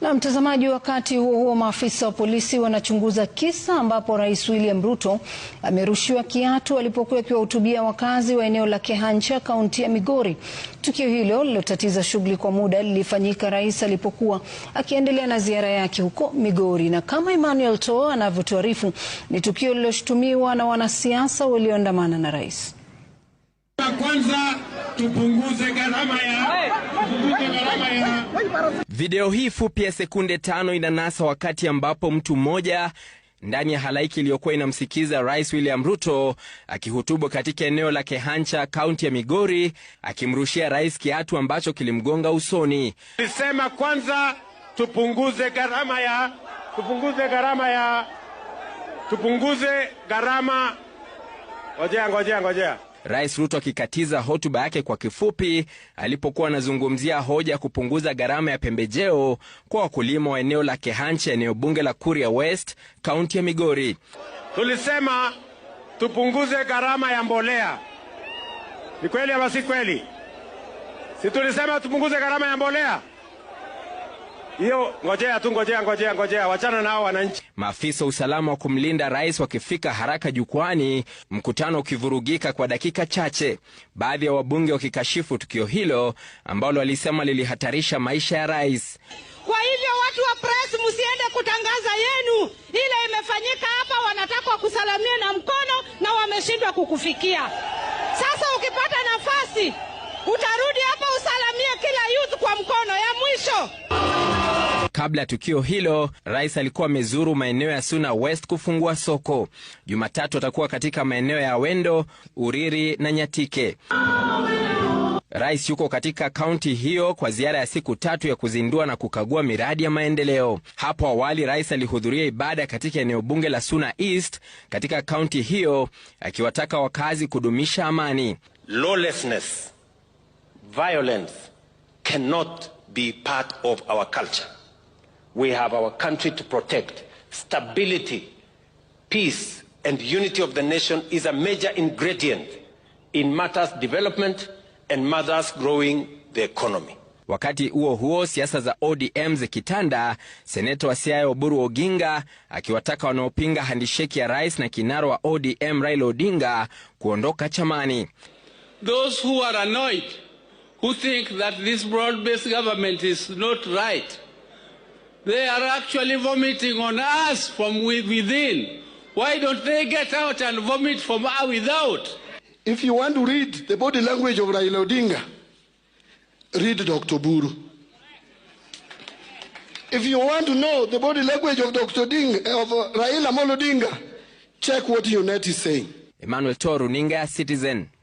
Na mtazamaji, wakati huo huo, maafisa wa polisi wanachunguza kisa ambapo Rais William Ruto amerushiwa kiatu alipokuwa akiwahutubia wakazi wa eneo la Kehancha, kaunti ya Migori. Tukio hilo lilotatiza shughuli kwa muda lilifanyika rais alipokuwa akiendelea na ziara yake huko Migori, na kama Emmanuel to anavyotuarifu, ni tukio lililoshutumiwa na wanasiasa walioandamana na rais. Kwanza tupunguze gharama ya tupunguze gharama ya. Video hii fupi ya sekunde tano inanasa wakati ambapo mtu mmoja ndani ya halaiki iliyokuwa inamsikiza Rais William Ruto akihutubu katika eneo la Kehancha, kaunti ya Migori, akimrushia rais kiatu ambacho kilimgonga usoni. Tulisema kwanza tupunguze gharama ya tupunguze gharama ya tupunguze gharama. Ngojea, ngojea, ngojea. Rais Ruto akikatiza hotuba yake kwa kifupi alipokuwa anazungumzia hoja ya kupunguza gharama ya pembejeo kwa wakulima wa eneo la kehanchi eneo bunge la Kuria West, kaunti ya Migori. Tulisema tupunguze gharama ya mbolea, ni kweli ama si kweli? Si tulisema tupunguze gharama ya mbolea? hiyo ngojea tu, ngojea, ngojea, ngojea, wachana nao wananchi. Maafisa wa usalama wa kumlinda rais wakifika haraka jukwani, mkutano ukivurugika kwa dakika chache, baadhi ya wabunge wakikashifu tukio hilo ambalo walisema lilihatarisha maisha ya rais. Kwa hivyo watu wa press, msiende kutangaza yenu, ile imefanyika hapa, wanataka kusalamia na mkono na wameshindwa kukufikia. Sasa ukipata nafasi utarudi hapa usalamie kila youth kwa mkono ya mwisho. Kabla ya tukio hilo, rais alikuwa amezuru maeneo ya Suna West kufungua soko. Jumatatu atakuwa katika maeneo ya Wendo, Uriri na Nyatike. Rais yuko katika kaunti hiyo kwa ziara ya siku tatu ya kuzindua na kukagua miradi ya maendeleo. Hapo awali rais alihudhuria ibada katika eneo bunge la Suna East katika kaunti hiyo, akiwataka wakazi kudumisha amani. Lawlessness, violence cannot be part of our culture. We have our country to protect. Stability, peace, and unity of the nation is a major ingredient in matters development and matters growing the economy. Wakati huo huo, siasa za ODM zikitanda, seneta wa Siaya Oburu Oginga akiwataka wanaopinga handisheki ya rais na kinara wa ODM Raila Odinga kuondoka chamani. Those who are annoyed, who think that this broad-based government is not right, They are actually vomiting on us from within. Why don't they get out and vomit from without? If you want to read the body language of Raila Odinga, read Dr. Buru. If you want to know the body language of Dr. Ding, eh, of uh, Raila Molodinga, check what UNET is saying. Emmanuel Toru, Ninga Citizen.